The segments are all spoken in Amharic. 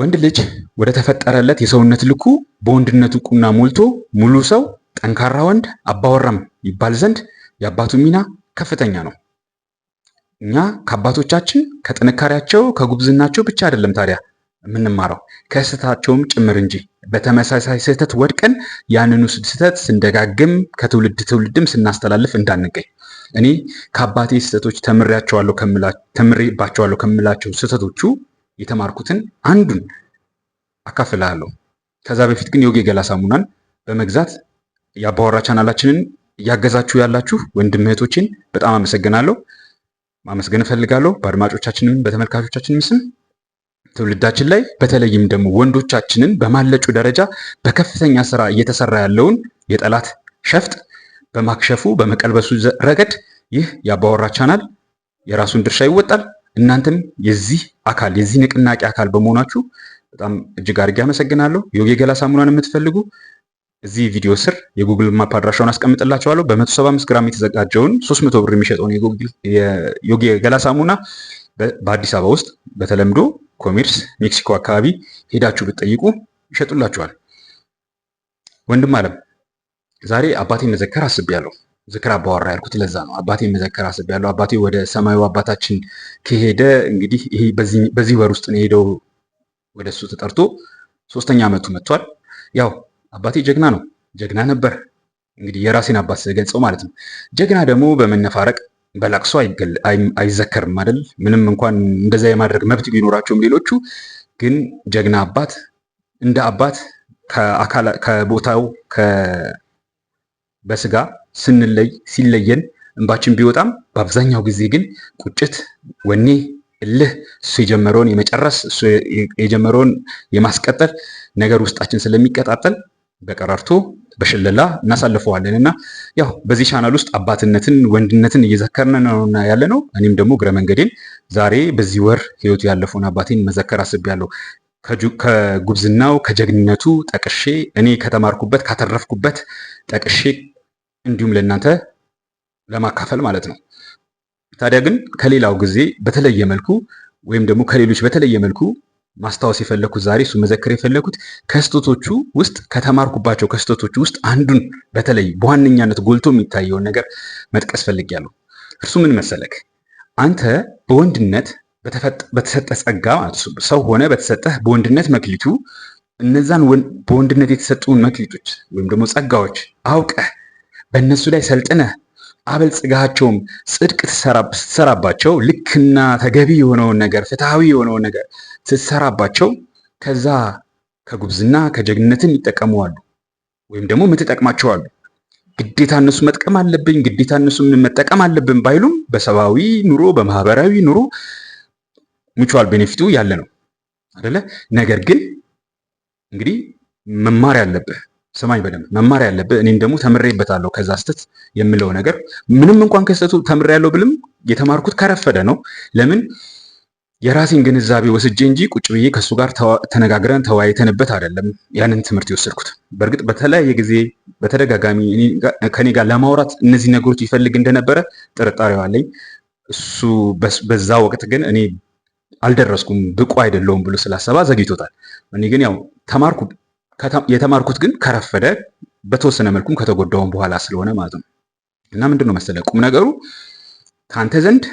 ወንድ ልጅ ወደ ተፈጠረለት የሰውነት ልኩ በወንድነቱ ቁና ሞልቶ ሙሉ ሰው፣ ጠንካራ ወንድ፣ አባወራም ይባል ዘንድ የአባቱ ሚና ከፍተኛ ነው። እኛ ከአባቶቻችን ከጥንካሬያቸው ከጉብዝናቸው ብቻ አይደለም ታዲያ የምንማረው ከስህተታቸውም ጭምር እንጂ። በተመሳሳይ ስህተት ወድቀን ያንኑ ስህተት ስንደጋግም ከትውልድ ትውልድም ስናስተላልፍ እንዳንገኝ። እኔ ከአባቴ ስህተቶች ተምሬባቸዋለሁ ከምላቸው ስህተቶቹ የተማርኩትን አንዱን አካፍላለሁ። ከዛ በፊት ግን ዮጊ ገላ ሳሙናን በመግዛት የአባወራ ቻናላችንን እያገዛችሁ ያላችሁ ወንድም እህቶቼን በጣም አመሰግናለሁ። ማመስገን እፈልጋለሁ። በአድማጮቻችንም በተመልካቾቻችንም ስም ትውልዳችን ላይ በተለይም ደግሞ ወንዶቻችንን በማለጩ ደረጃ በከፍተኛ ስራ እየተሰራ ያለውን የጠላት ሸፍጥ በማክሸፉ በመቀልበሱ ረገድ ይህ የአባወራ ቻናል የራሱን ድርሻ ይወጣል። እናንተም የዚህ አካል የዚህ ንቅናቄ አካል በመሆናችሁ በጣም እጅግ አድርጌ አመሰግናለሁ። ዮጊ የገላ ሳሙናን የምትፈልጉ እዚህ ቪዲዮ ስር የጉግል ማፕ አድራሻውን አስቀምጥላችኋለሁ። በ175 ግራም የተዘጋጀውን 300 ብር የሚሸጠውን ዮጊ የገላ ሳሙና በአዲስ አበባ ውስጥ በተለምዶ ኮሜርስ ሜክሲኮ አካባቢ ሄዳችሁ ብትጠይቁ ይሸጡላችኋል። ወንድም አለም ዛሬ አባቴ መዘከር አስቤያለሁ። ዝክር አባወራ ያልኩት ለዛ ነው። አባቴ መዘከር አስብ ያለው አባቴ ወደ ሰማዩ አባታችን ከሄደ እንግዲህ በዚህ ወር ውስጥ ነው የሄደው። ወደ እሱ ተጠርቶ ሶስተኛ ዓመቱ መጥቷል። ያው አባቴ ጀግና ነው፣ ጀግና ነበር። እንግዲህ የራሴን አባት ስገልጸው ማለት ነው። ጀግና ደግሞ በመነፋረቅ በላቅሶ አይዘከርም አይደል? ምንም እንኳን እንደዛ የማድረግ መብት ቢኖራቸውም ሌሎቹ ግን ጀግና አባት እንደ አባት ከቦታው በስጋ ስንለይ ሲለየን እንባችን ቢወጣም በአብዛኛው ጊዜ ግን ቁጭት፣ ወኔ፣ እልህ እሱ የጀመረውን የመጨረስ እሱ የጀመረውን የማስቀጠል ነገር ውስጣችን ስለሚቀጣጠል በቀረርቶ በሽለላ እናሳልፈዋለን እና ያው በዚህ ቻናል ውስጥ አባትነትን ወንድነትን እየዘከርን ነውና ያለ ነው። እኔም ደግሞ እግረ መንገዴን ዛሬ በዚህ ወር ህይወቱ ያለፈውን አባቴን መዘከር አስቤያለሁ። ከጉብዝናው ከጀግንነቱ ጠቅሼ እኔ ከተማርኩበት ካተረፍኩበት ጠቅሼ እንዲሁም ለእናንተ ለማካፈል ማለት ነው። ታዲያ ግን ከሌላው ጊዜ በተለየ መልኩ ወይም ደግሞ ከሌሎች በተለየ መልኩ ማስታወስ የፈለግኩት ዛሬ እሱ መዘከር የፈለግኩት ከስህተቶቹ ውስጥ ከተማርኩባቸው ከስህተቶቹ ውስጥ አንዱን በተለይ በዋነኛነት ጎልቶ የሚታየውን ነገር መጥቀስ ፈልጌያለሁ። እርሱ ምን መሰለክ? አንተ በወንድነት በተሰጠ ጸጋ ሰው ሆነ በተሰጠህ በወንድነት መክሊቱ እነዛን በወንድነት የተሰጡን መክሊቶች ወይም ደግሞ ጸጋዎች አውቀህ በእነሱ ላይ ሰልጥነህ አበልጽጋቸውም ጽድቅ ስትሰራባቸው ልክና ተገቢ የሆነውን ነገር ፍትሐዊ የሆነውን ነገር ስትሰራባቸው ከዛ ከጉብዝና ከጀግንነትን ይጠቀመዋሉ ወይም ደግሞ ምትጠቅማቸዋሉ። ግዴታ እነሱ መጥቀም አለብኝ ግዴታ እነሱ መጠቀም አለብን ባይሉም በሰብአዊ ኑሮ በማህበራዊ ኑሮ ሙቹዋል ቤኔፊቱ ያለ ነው አደለ። ነገር ግን እንግዲህ መማር ያለብህ ስማኝ በደንብ መማር ያለብህ እኔም ደግሞ ተምሬበታለሁ ከዛ ስህተት የምለው ነገር ምንም እንኳን ከስህተቱ ተምሬያለሁ ብልም የተማርኩት ከረፈደ ነው። ለምን የራሴን ግንዛቤ ወስጄ እንጂ ቁጭ ብዬ ከእሱ ጋር ተነጋግረን ተወያይተንበት አይደለም ያንን ትምህርት የወሰድኩት። በእርግጥ በተለያየ ጊዜ በተደጋጋሚ ከኔ ጋር ለማውራት እነዚህ ነገሮች ይፈልግ እንደነበረ ጥርጣሬ አለኝ። እሱ በዛ ወቅት ግን እኔ አልደረስኩም ብቁ አይደለውም ብሎ ስላሰባ ዘግይቶታል። እኔ ግን ያው ተማርኩ የተማርኩት ግን ከረፈደ በተወሰነ መልኩም ከተጎዳውን በኋላ ስለሆነ ማለት ነው። እና ምንድን ነው መሰለ ቁም ነገሩ ከአንተ ዘንድ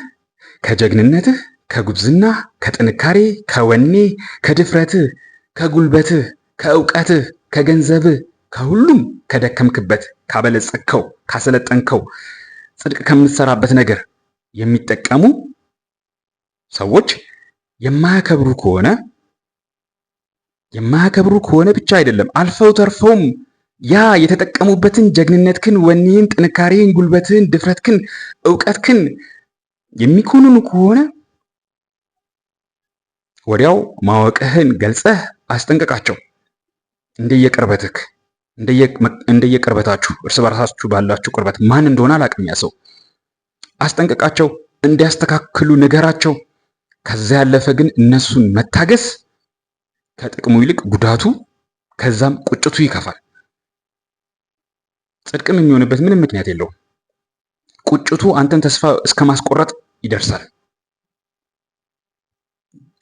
ከጀግንነትህ፣ ከጉብዝና፣ ከጥንካሬ፣ ከወኔ፣ ከድፍረትህ፣ ከጉልበትህ፣ ከእውቀትህ፣ ከገንዘብህ፣ ከሁሉም ከደከምክበት፣ ካበለጸግከው፣ ካሰለጠንከው፣ ጽድቅ ከምትሰራበት ነገር የሚጠቀሙ ሰዎች የማያከብሩ ከሆነ የማያከብሩ ከሆነ ብቻ አይደለም አልፈው ተርፈውም ያ የተጠቀሙበትን ጀግንነትክን፣ ወኔህን፣ ጥንካሬን ጉልበትን ድፍረትክን፣ እውቀትክን የሚኮንኑ ከሆነ ወዲያው ማወቅህን ገልጸህ አስጠንቀቃቸው። እንደየቅርበትክ እንደየቅርበታችሁ እርስ በራሳችሁ ባላችሁ ቅርበት ማን እንደሆነ አላቅም ያ ሰው አስጠንቀቃቸው፣ እንዲያስተካክሉ ንገራቸው። ከዛ ያለፈ ግን እነሱን መታገስ ከጥቅሙ ይልቅ ጉዳቱ ከዛም ቁጭቱ ይከፋል። ጽድቅም የሚሆንበት ምንም ምክንያት የለውም። ቁጭቱ አንተን ተስፋ እስከ ማስቆረጥ ይደርሳል።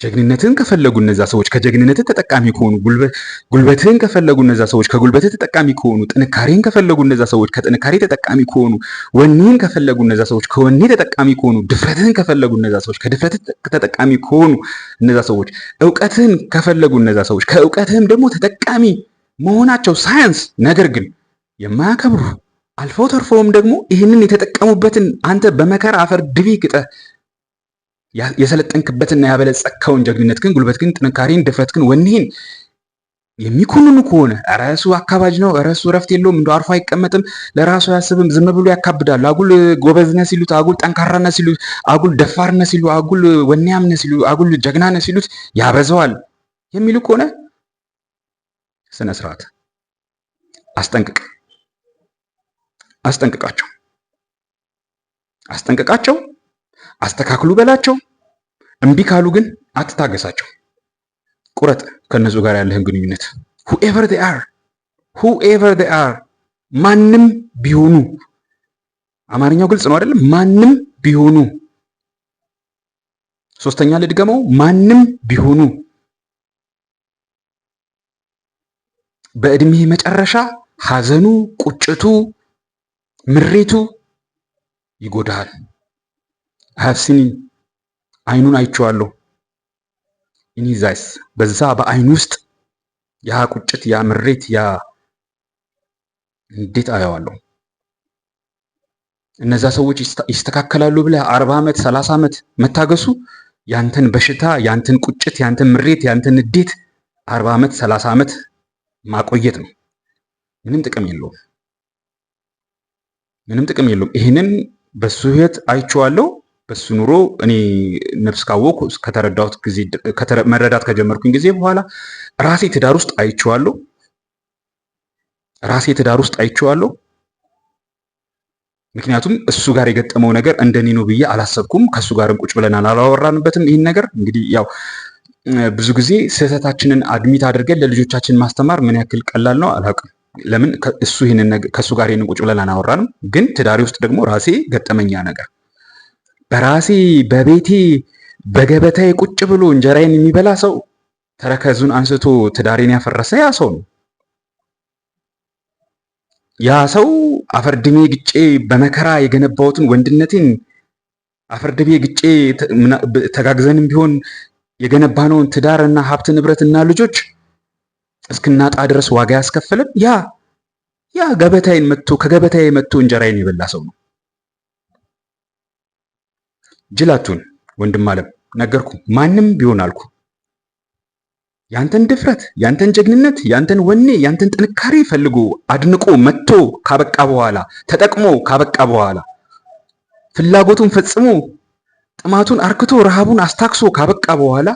ጀግንነትህን ከፈለጉ እነዛ ሰዎች ከጀግንነትህ ተጠቃሚ ከሆኑ፣ ጉልበትህን ከፈለጉ እነዛ ሰዎች ከጉልበትህ ተጠቃሚ ከሆኑ፣ ጥንካሬህን ከፈለጉ እነዛ ሰዎች ከጥንካሬ ተጠቃሚ ከሆኑ፣ ወኔህን ከፈለጉ እነዛ ሰዎች ከወኔ ተጠቃሚ ከሆኑ፣ ድፍረትህን ከፈለጉ እነዛ ሰዎች ከድፍረት ተጠቃሚ ከሆኑ፣ እነዛ ሰዎች እውቀትህን ከፈለጉ እነዛ ሰዎች ከእውቀትህም ደግሞ ተጠቃሚ መሆናቸው ሳያንስ ነገር ግን የማያከብሩ አልፎ ተርፈውም ደግሞ ይህንን የተጠቀሙበትን አንተ በመከራ አፈር ድቢ ግጠህ የሰለጠንክበትና ያበለጸከውን ጀግንነት ግን፣ ጉልበት ግን፣ ጥንካሬን፣ ድፍረት ግን፣ ወኒህን የሚኮንኑ ከሆነ እረሱ አካባጅ ነው፣ እረሱ እረፍት የለውም፣ እንደ አርፎ አይቀመጥም፣ ለራሱ አያስብም፣ ዝም ብሎ ያካብዳሉ። አጉል ጎበዝነ ሲሉት፣ አጉል ጠንካራነ ሲሉት፣ አጉል ደፋርነ ሲሉ፣ አጉል ወኔያምነ ሲሉ፣ አጉል ጀግናነ ሲሉት ያበዘዋል የሚሉ ከሆነ ስነ ስርዓት አስጠንቅቅ አስጠንቅቃቸው አስጠንቅቃቸው አስተካክሉ በላቸው። እምቢ ካሉ ግን አትታገሳቸው። ቁረጥ ከነሱ ጋር ያለህን ግንኙነት ሁኤቨር ዴይ አር ሁኤቨር ዴይ አር ማንም ቢሆኑ አማርኛው ግልጽ ነው አይደለም? ማንም ቢሆኑ ሶስተኛ ልድገመው፣ ማንም ቢሆኑ በእድሜ መጨረሻ ሐዘኑ፣ ቁጭቱ፣ ምሬቱ ይጎዳሃል። ሀሲኒ አይኑን አይቼዋለሁ። ኢኒዛይስ በዛ በአይን ውስጥ ያ ቁጭት፣ ያ ምሬት፣ ያ እንዴት አየዋለሁ። እነዛ ሰዎች ይስተካከላሉ ብለ አርባ ዓመት ሰላሳ ዓመት መታገሱ ያንተን በሽታ ያንተን ቁጭት ያንተን ምሬት ያንተን ንዴት አርባ ዓመት ሰላሳ ዓመት ማቆየት ነው። ምንም ጥቅም የለውም። ምንም ጥቅም የለውም። ይህንን በሱ ህይወት አይቼዋለሁ። በሱ ኑሮ እኔ ነፍስ ካወቅኩ ከተረዳሁት ጊዜ መረዳት ከጀመርኩኝ ጊዜ በኋላ ራሴ ትዳር ውስጥ አይቼዋለሁ። ራሴ ትዳር ውስጥ አይቼዋለሁ። ምክንያቱም እሱ ጋር የገጠመው ነገር እንደኔ ነው ብዬ አላሰብኩም። ከእሱ ጋርም ቁጭ ብለን አላወራንበትም። ይህን ነገር እንግዲህ ያው ብዙ ጊዜ ስህተታችንን አድሚት አድርገን ለልጆቻችን ማስተማር ምን ያክል ቀላል ነው አላውቅም። ለምን ከእሱ ጋር ይህንን ቁጭ ብለን አናወራንም። ግን ትዳሬ ውስጥ ደግሞ ራሴ ገጠመኛ ነገር በራሴ በቤቴ በገበታዬ ቁጭ ብሎ እንጀራዬን የሚበላ ሰው ተረከዙን አንስቶ ትዳሬን ያፈረሰ ያ ሰው ነው። ያ ሰው አፈርድሜ ግጬ በመከራ የገነባሁትን ወንድነቴን አፈርድሜ ግጬ ተጋግዘንም ቢሆን የገነባነውን ትዳር እና ሀብት ንብረት እና ልጆች እስክናጣ ድረስ ዋጋ ያስከፈለን ያ ያ ገበታዬን መጥቶ ከገበታዬ መጥቶ እንጀራዬን የበላ ሰው ነው። ጅላቱን ወንድም አለም ነገርኩ። ማንም ቢሆን አልኩ። ያንተን ድፍረት፣ ያንተን ጀግንነት፣ ያንተን ወኔ፣ ያንተን ጥንካሬ ፈልጎ አድንቆ መጥቶ ካበቃ በኋላ ተጠቅሞ ካበቃ በኋላ ፍላጎቱን ፈጽሞ ጥማቱን አርክቶ ረሃቡን አስታክሶ ካበቃ በኋላ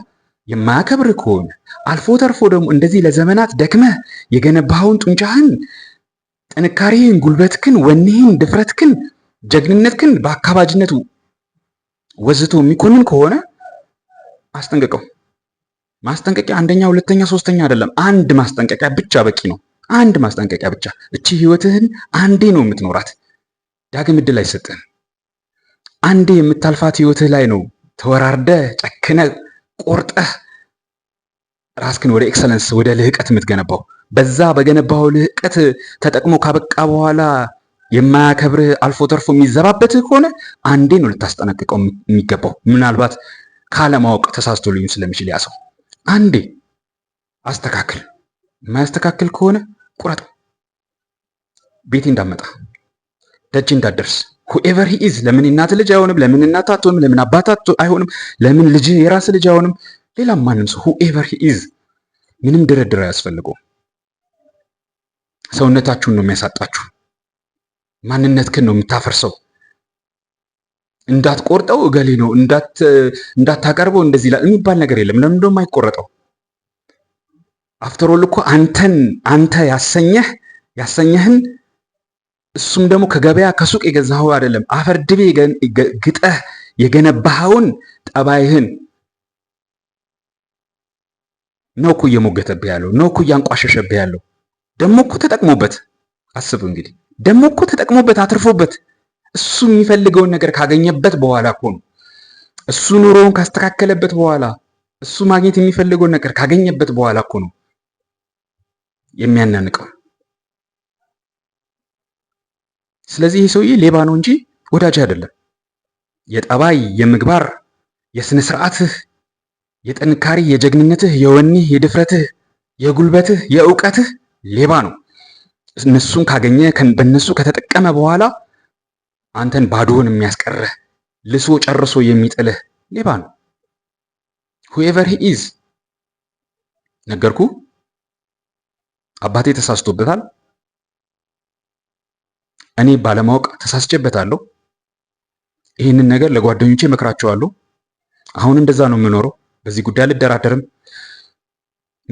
የማያከብር ከሆነ አልፎ ተርፎ ደግሞ እንደዚህ ለዘመናት ደክመህ የገነባኸውን ጡንቻህን፣ ጥንካሬህን፣ ጉልበትክን፣ ወኔህን፣ ድፍረትክን፣ ጀግንነትክን በአካባጅነቱ ወዝቶ የሚኮንን ከሆነ አስጠንቅቀው። ማስጠንቀቂያ አንደኛ፣ ሁለተኛ፣ ሶስተኛ አይደለም። አንድ ማስጠንቀቂያ ብቻ በቂ ነው። አንድ ማስጠንቀቂያ ብቻ። እቺ ህይወትህን አንዴ ነው የምትኖራት። ዳግም እድል አይሰጥህም። አንዴ የምታልፋት ህይወትህ ላይ ነው ተወራርደ ጨክነ ቆርጠህ ራስክን ወደ ኤክሰለንስ ወደ ልህቀት የምትገነባው። በዛ በገነባው ልህቀት ተጠቅሞ ካበቃ በኋላ የማያከብርህ አልፎ ተርፎ የሚዘባበትህ ከሆነ አንዴ ነው ልታስጠነቅቀው የሚገባው። ምናልባት ካለማወቅ ተሳስቶ ሊሆን ስለሚችል ያ ሰው አንዴ አስተካክል። የማያስተካክል ከሆነ ቁረጥ። ቤቴ እንዳመጣ ደጅ እንዳደርስ ሁኤቨር ሂ ኢዝ። ለምን እናት ልጅ አይሆንም? ለምን እናት አትሆንም? ለምን አባት አይሆንም? ለምን ልጅ የራስ ልጅ አይሆንም? ሌላም ማንም ሰው ሁኤቨር ሂ ኢዝ፣ ምንም ድርድር አያስፈልገውም። ሰውነታችሁን ነው የሚያሳጣችሁ። ማንነትህን ነው የምታፈርሰው። እንዳትቆርጠው እገሌ ነው እንዳታቀርበው እንደዚህ ይላል የሚባል ነገር የለም። ለምን ደሞ አይቆረጠው? አፍተሮል እኮ አንተን አንተ ያሰኘህ ያሰኘህን እሱም ደግሞ ከገበያ ከሱቅ የገዛኸው አይደለም። አፈር ድቤ ግጠህ የገነባኸውን ጠባይህን ነው እኮ እየሞገተብህ ያለው፣ ነው እኮ እያንቋሸሸብህ ያለው። ደግሞ እኮ ተጠቅሞበት አስብ እንግዲህ ደግሞ እኮ ተጠቅሞበት አትርፎበት እሱ የሚፈልገውን ነገር ካገኘበት በኋላ እኮ ነው እሱ ኑሮውን ካስተካከለበት በኋላ እሱ ማግኘት የሚፈልገውን ነገር ካገኘበት በኋላ እኮ ነው የሚያናንቀው። ስለዚህ ይህ ሰውዬ ሌባ ነው እንጂ ወዳጅ አይደለም። የጠባይ የምግባር የስነ ስርዓትህ የጥንካሬ የጀግንነትህ የወኔህ የድፍረትህ የጉልበትህ የእውቀትህ ሌባ ነው። እነሱን ካገኘ በእነሱ ከተጠቀመ በኋላ አንተን ባዶውን የሚያስቀርህ ልሶ ጨርሶ የሚጥልህ ሌባ ነው። ሁኤቨር ሂ ኢዝ ነገርኩ። አባቴ ተሳስቶበታል። እኔ ባለማወቅ ተሳስቼበታለሁ። ይህንን ነገር ለጓደኞቼ መክራቸዋለሁ። አሁን እንደዛ ነው የምኖረው። በዚህ ጉዳይ አልደራደርም።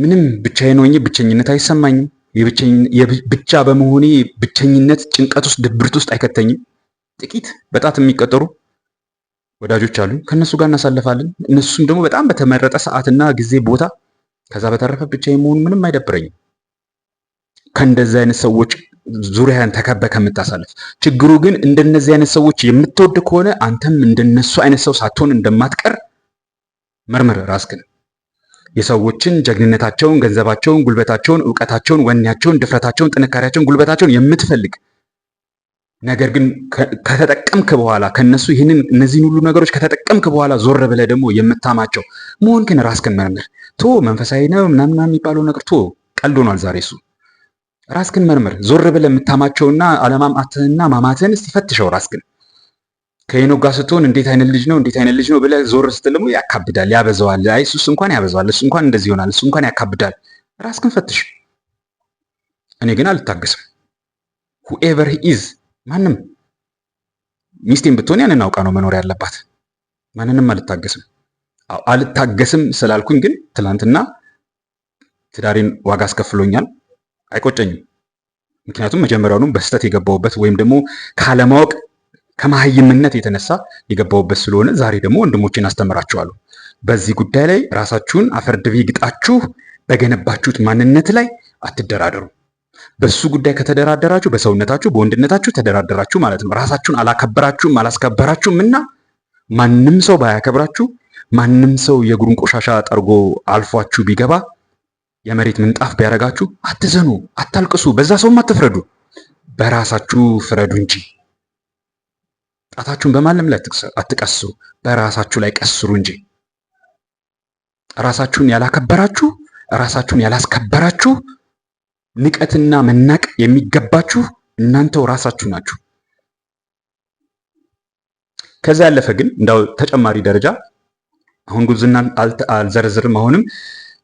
ምንም ብቻዬን ሆኜ ብቸኝነት አይሰማኝም። ብቻ በመሆኔ ብቸኝነት ጭንቀት ውስጥ ድብርት ውስጥ አይከተኝም። ጥቂት በጣት የሚቀጠሩ ወዳጆች አሉ። ከእነሱ ጋር እናሳልፋለን። እነሱም ደግሞ በጣም በተመረጠ ሰዓትና ጊዜ ቦታ። ከዛ በተረፈ ብቻ መሆኑ ምንም አይደብረኝም። ከእንደዚህ አይነት ሰዎች ዙሪያን ተከበ ከምታሳልፍ። ችግሩ ግን እንደነዚህ አይነት ሰዎች የምትወድ ከሆነ አንተም እንደነሱ አይነት ሰው ሳትሆን እንደማትቀር መርምር ራስክን። የሰዎችን ጀግንነታቸውን፣ ገንዘባቸውን፣ ጉልበታቸውን፣ እውቀታቸውን፣ ወኔያቸውን፣ ድፍረታቸውን፣ ጥንካሬያቸውን፣ ጉልበታቸውን የምትፈልግ ነገር ግን ከተጠቀምክ በኋላ ከነሱ ይህንን እነዚህን ሁሉ ነገሮች ከተጠቀምክ በኋላ ዞር ብለህ ደግሞ የምታማቸው መሆን ግን ራስክን መርምር። ቶ መንፈሳዊ ነው ምናምና የሚባለው ነገር ቶ ቀልድ ሆኗል ዛሬ እሱ። ራስክን መርምር። ዞር ብለህ የምታማቸውና አለማማትህና ማማትህን እስቲ ፈትሸው ራስክን ከሄኖክ ጋር ስትሆን እንዴት አይነት ልጅ ነው እንዴት አይነት ልጅ ነው ብለህ ዞር ስትል ደግሞ ያካብዳል፣ ያበዛዋል። አይ እሱስ እንኳን ያበዛዋል፣ እሱ እንኳን እንደዚህ ይሆናል፣ እሱ እንኳን ያካብዳል። ራስክን ፈትሽ። እኔ ግን አልታገስም። ሁኤቨር ኢዝ ማንም ሚስቴን ብትሆን ያንን አውቃ ነው መኖር ያለባት። ማንንም አልታገስም። አልታገስም ስላልኩኝ ግን ትላንትና ትዳሬን ዋጋ አስከፍሎኛል፣ አይቆጨኝም። ምክንያቱም መጀመሪያውንም በስህተት የገባውበት ወይም ደግሞ ካለማወቅ ከመሀይምነት የተነሳ የገባውበት ስለሆነ ዛሬ ደግሞ ወንድሞችን አስተምራችኋለሁ። በዚህ ጉዳይ ላይ ራሳችሁን አፈርድቤ ግጣችሁ በገነባችሁት ማንነት ላይ አትደራደሩ። በሱ ጉዳይ ከተደራደራችሁ በሰውነታችሁ በወንድነታችሁ ተደራደራችሁ ማለት ነው። ራሳችሁን አላከበራችሁም አላስከበራችሁም እና ማንም ሰው ባያከብራችሁ፣ ማንም ሰው የእግሩን ቆሻሻ ጠርጎ አልፏችሁ ቢገባ የመሬት ምንጣፍ ቢያደርጋችሁ አትዘኑ፣ አታልቅሱ፣ በዛ ሰውም አትፍረዱ። በራሳችሁ ፍረዱ እንጂ ጣታችሁን በማንም ላይ አትቀስሩ፣ በራሳችሁ ላይ ቀስሩ እንጂ ራሳችሁን ያላከበራችሁ፣ ራሳችሁን ያላስከበራችሁ፣ ንቀትና መናቅ የሚገባችሁ እናንተው ራሳችሁ ናችሁ። ከዛ ያለፈ ግን እንዳው ተጨማሪ ደረጃ አሁን ጉብዝና አልዘረዝርም። አሁንም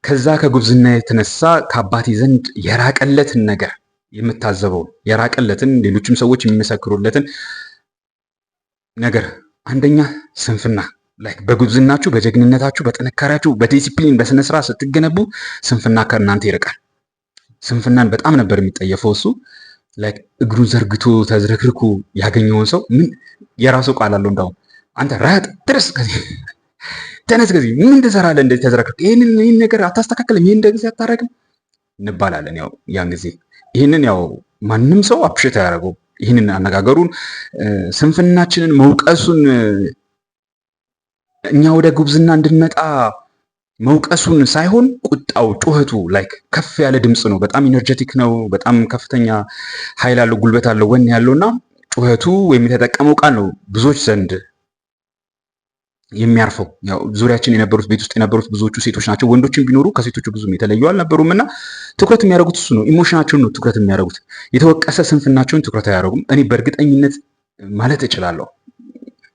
ከዛ ከጉብዝና የተነሳ ከአባቴ ዘንድ የራቀለትን ነገር የምታዘበውን የራቀለትን ሌሎችም ሰዎች የሚመሰክሩለትን ነገር አንደኛ ስንፍና ላይክ በጉብዝናችሁ በጀግንነታችሁ በጥንካሬያችሁ በዲሲፕሊን በስነ ስርዓት ስትገነቡ ስንፍና ከእናንተ ይርቃል። ስንፍናን በጣም ነበር የሚጠየፈው እሱ ላይክ እግሩን ዘርግቶ ተዝረክርኩ ያገኘውን ሰው ምን የራሱ ቃል አለው። እንዳውም አንተ ራጥ ትርስ ከዚህ ተነስ ከዚህ ምን ትሰራለህ እንደዚህ ተዝረክርክ ይህንን ይህን ነገር አታስተካክልም ይህን እንደዚህ አታረግም እንባላለን። ያው ያን ጊዜ ይህንን ያው ማንም ሰው አፕሽት አያደርገው ይህንን አነጋገሩን ስንፍናችንን መውቀሱን እኛ ወደ ጉብዝና እንድንመጣ መውቀሱን ሳይሆን ቁጣው፣ ጩኸቱ ላይክ ከፍ ያለ ድምፅ ነው። በጣም ኢነርጀቲክ ነው። በጣም ከፍተኛ ኃይል አለው፣ ጉልበት አለው፣ ወኔ ያለው እና ጩኸቱ ወይም የተጠቀመው ቃል ነው ብዙዎች ዘንድ የሚያርፈው ያው ዙሪያችን የነበሩት ቤት ውስጥ የነበሩት ብዙዎቹ ሴቶች ናቸው። ወንዶችም ቢኖሩ ከሴቶቹ ብዙም የተለዩ አልነበሩም እና ትኩረት የሚያደርጉት እሱ ነው። ኢሞሽናቸውን ነው ትኩረት የሚያደርጉት። የተወቀሰ ስንፍናቸውን ትኩረት አያደርጉም። እኔ በእርግጠኝነት ማለት እችላለሁ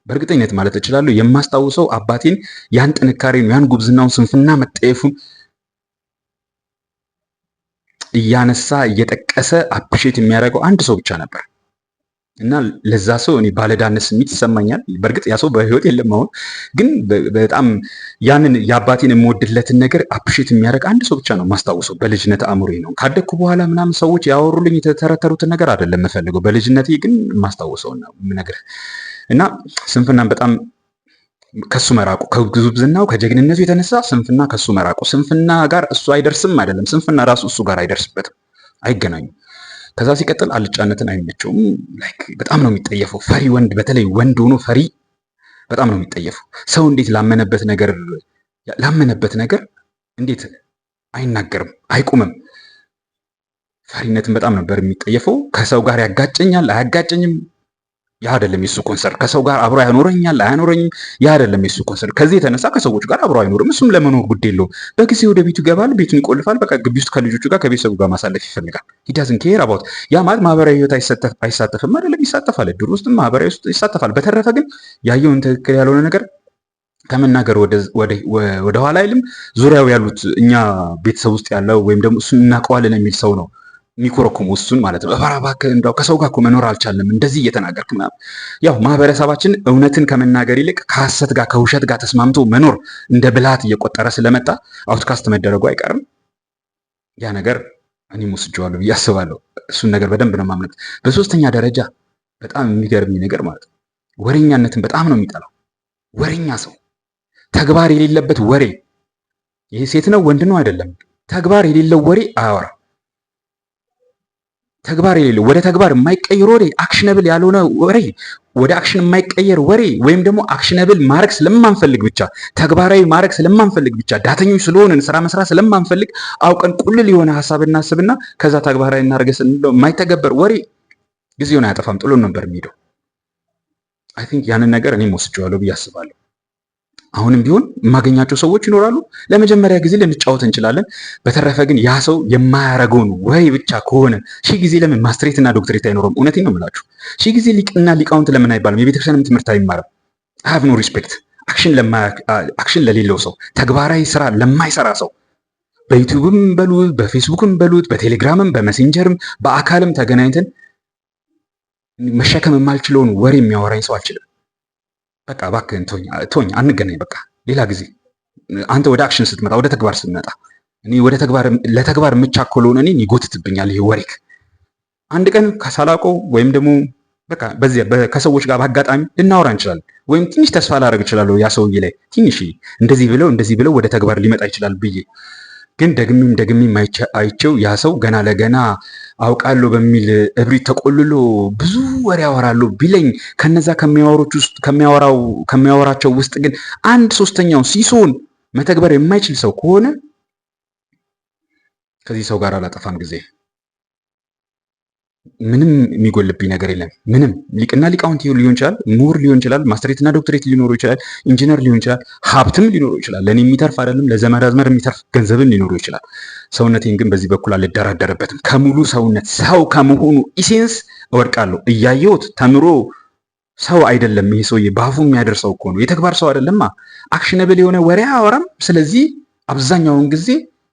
በእርግጠኝነት ማለት እችላለሁ የማስታውሰው አባቴን ያን ጥንካሬን ያን ጉብዝናውን ስንፍና መጠየፉን እያነሳ እየጠቀሰ አፕሪሼት የሚያደርገው አንድ ሰው ብቻ ነበር። እና ለዛ ሰው እኔ ባለዳነት ስሜት ይሰማኛል። በእርግጥ ያ ሰው በህይወት የለም አሁን፣ ግን በጣም ያንን የአባቴን የምወድለትን ነገር አፕሼት የሚያደርግ አንድ ሰው ብቻ ነው ማስታውሰው። በልጅነት አእምሮ ነው ካደግኩ በኋላ ምናምን ሰዎች ያወሩልኝ የተተረተሩትን ነገር አይደለም የምፈልገው። በልጅነቴ ግን ማስታውሰው ነው የምነግርህ። እና ስንፍናን በጣም ከሱ መራቁ ከጉብዝናው ከጀግንነቱ የተነሳ ስንፍና ከሱ መራቁ። ስንፍና ጋር እሱ አይደርስም አይደለም፣ ስንፍና ራሱ እሱ ጋር አይደርስበትም፣ አይገናኙም። ከዛ ሲቀጥል አልጫነትን አይመቸውም። ላይክ በጣም ነው የሚጠየፈው። ፈሪ ወንድ፣ በተለይ ወንድ ሆኖ ፈሪ በጣም ነው የሚጠየፈው። ሰው እንዴት ላመነበት ነገር ላመነበት ነገር እንዴት አይናገርም አይቁምም። ፈሪነትን በጣም ነበር የሚጠየፈው። ከሰው ጋር ያጋጨኛል አያጋጨኝም ያ አይደለም የሱ ኮንሰርን። ከሰው ጋር አብሮ ያኖረኛል አያኖረኝም፣ ያ አይደለም የሱ ኮንሰርን። ከዚህ የተነሳ ከሰዎች ጋር አብሮ አይኖርም። እሱም ለመኖር ጉድ የለውም። በጊዜ ወደ ቤቱ ይገባል፣ ቤቱን ይቆልፋል። በቃ ግቢ ውስጥ ከልጆቹ ጋር ከቤተሰቡ ጋር ማሳለፍ ይፈልጋል። ሂዳዝን ኬር አባት ያ ማለት ማህበራዊ ህይወት አይሳተፍም አይደለም፣ ይሳተፋል። ድር ውስጥም ማህበራዊ ውስጥ ይሳተፋል። በተረፈ ግን ያየውን ትክክል ያልሆነ ነገር ከመናገር ወደ ኋላ አይልም። ዙሪያው ያሉት እኛ ቤተሰብ ውስጥ ያለው ወይም ደግሞ እሱን እናውቀዋለን የሚል ሰው ነው የሚኮረኩሙ እሱን ማለት ነው። እባክህ እንዳው ከሰው ጋር እኮ መኖር አልቻለም እንደዚህ እየተናገርክ ምናምን። ያው ማህበረሰባችን እውነትን ከመናገር ይልቅ ከሐሰት ጋር ከውሸት ጋር ተስማምቶ መኖር እንደ ብልሃት እየቆጠረ ስለመጣ አውትካስት መደረጉ አይቀርም። ያ ነገር እኔ ወስጄዋለሁ ብዬ አስባለሁ። እሱን ነገር በደንብ ነው የማምነት። በሶስተኛ ደረጃ በጣም የሚገርምኝ ነገር ማለት ነው ወሬኛነትን በጣም ነው የሚጠላው። ወሬኛ ሰው ተግባር የሌለበት ወሬ፣ ይሄ ሴት ነው ወንድ ነው አይደለም፣ ተግባር የሌለው ወሬ አያወራም። ተግባር የሌለው ወደ ተግባር የማይቀየር ወሬ አክሽነብል ያልሆነ ወሬ ወደ አክሽን የማይቀየር ወሬ ወይም ደግሞ አክሽነብል ማድረግ ስለማንፈልግ ብቻ ተግባራዊ ማድረግ ስለማንፈልግ ብቻ ዳተኞች ስለሆንን ስራ መስራት ስለማንፈልግ አውቀን ቁልል የሆነ ሀሳብ እናስብና ከዛ ተግባራዊ እናደርገ ስንለው የማይተገበር ወሬ ጊዜውን አያጠፋም፣ ጥሎን ነበር የሚሄደው። አይ ቲንክ ያንን ነገር እኔም ወስጄዋለሁ ብዬ አስባለሁ። አሁንም ቢሆን የማገኛቸው ሰዎች ይኖራሉ። ለመጀመሪያ ጊዜ ልንጫወት እንችላለን። በተረፈ ግን ያ ሰው የማያረገውን ወይ ብቻ ከሆነ ሺህ ጊዜ ለምን ማስትሬት እና ዶክትሬት አይኖረም? እውነት ነው የምላችሁ። ሺህ ጊዜ ሊቅና ሊቃውንት ለምን አይባልም? የቤተክርስቲያንም ትምህርት አይማርም? ሀቭ ኖ ሪስፔክት። አክሽን ለሌለው ሰው፣ ተግባራዊ ስራ ለማይሰራ ሰው በዩቲዩብም በሉት በፌስቡክም በሉት በቴሌግራምም በመሴንጀርም በአካልም ተገናኝተን መሸከም የማልችለውን ወሬ የሚያወራኝ ሰው አልችልም። በቃ እባክህን ተወኝ፣ አንገናኝ፣ በቃ ሌላ ጊዜ። አንተ ወደ አክሽን ስትመጣ፣ ወደ ተግባር ስትመጣ፣ እኔ ወደ ተግባር ለተግባር የምቻኮል ሆነ እኔን ይጎትትብኛል ይሄ ወሬክ። አንድ ቀን ከሳላውቀው ወይም ደግሞ በቃ በዚያ ከሰዎች ጋር በአጋጣሚ ልናወራ እንችላለን፣ ወይም ትንሽ ተስፋ ላደርግ እችላለሁ ያ ሰውዬ ላይ ትንሽ እንደዚህ ብለው እንደዚህ ብለው ወደ ተግባር ሊመጣ ይችላል ብዬ ግን ደግሚም ደግሚም አይቼው ያ ሰው ገና ለገና አውቃለሁ በሚል እብሪት ተቆልሎ ብዙ ወሬ ያወራሉ ቢለኝ ከነዛ ከሚያወራቸው ውስጥ ግን አንድ ሶስተኛውን ሲሶን መተግበር የማይችል ሰው ከሆነ ከዚህ ሰው ጋር አላጠፋም ጊዜ ምንም የሚጎልብኝ ነገር የለም። ምንም ሊቅና ሊቃውንት ሊሆን ይችላል፣ ምሁር ሊሆን ይችላል፣ ማስተሬትና ዶክተሬት ሊኖረው ይችላል፣ ኢንጂነር ሊሆን ይችላል፣ ሀብትም ሊኖረው ይችላል። ለእኔ የሚተርፍ አይደለም፣ ለዘመድ አዝመር የሚተርፍ ገንዘብም ሊኖረው ይችላል። ሰውነቴን ግን በዚህ በኩል አልደራደርበትም ከሙሉ ሰውነት ሰው ከመሆኑ ኢሴንስ እወድቃለሁ። እያየሁት ተምሮ ሰው አይደለም ይሄ ሰውዬ፣ በአፉ የሚያደርሰው እኮ ነው። የተግባር ሰው አይደለማ። አክሽነብል የሆነ ወሬ አወራም። ስለዚህ አብዛኛውን ጊዜ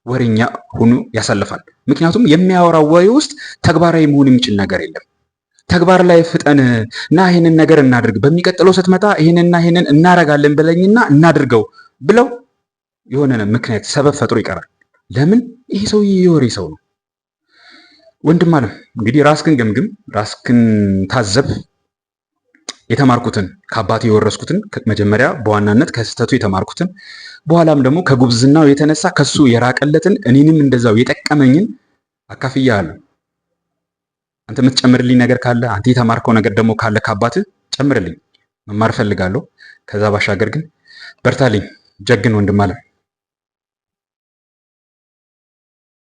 ወሬኛ ሆኖ ያሳልፋል። ምክንያቱም የሚያወራው ወሬ ውስጥ ተግባራዊ መሆን የሚችል ነገር የለም። ተግባር ላይ ፍጠን እና ይህንን ነገር እናድርግ፣ በሚቀጥለው ስትመጣ ይህንና ይህንን እናረጋለን ብለኝና እናድርገው ብለው የሆነ ምክንያት ሰበብ ፈጥሮ ይቀራል። ለምን? ይሄ ሰው የወሬ ሰው ነው። ወንድም አለም እንግዲህ ራስክን ገምግም፣ ራስክን ታዘብ። የተማርኩትን ከአባቴ የወረስኩትን መጀመሪያ በዋናነት ከስህተቱ የተማርኩትን በኋላም ደግሞ ከጉብዝናው የተነሳ ከሱ የራቀለትን እኔንም እንደዛው የጠቀመኝን አካፍያለሁ። አንተ የምትጨምርልኝ ነገር ካለ አንተ የተማርከው ነገር ደግሞ ካለ ከአባት ጨምርልኝ፣ መማር ፈልጋለሁ። ከዛ ባሻገር ግን በርታልኝ፣ ጀግን ወንድም አለ።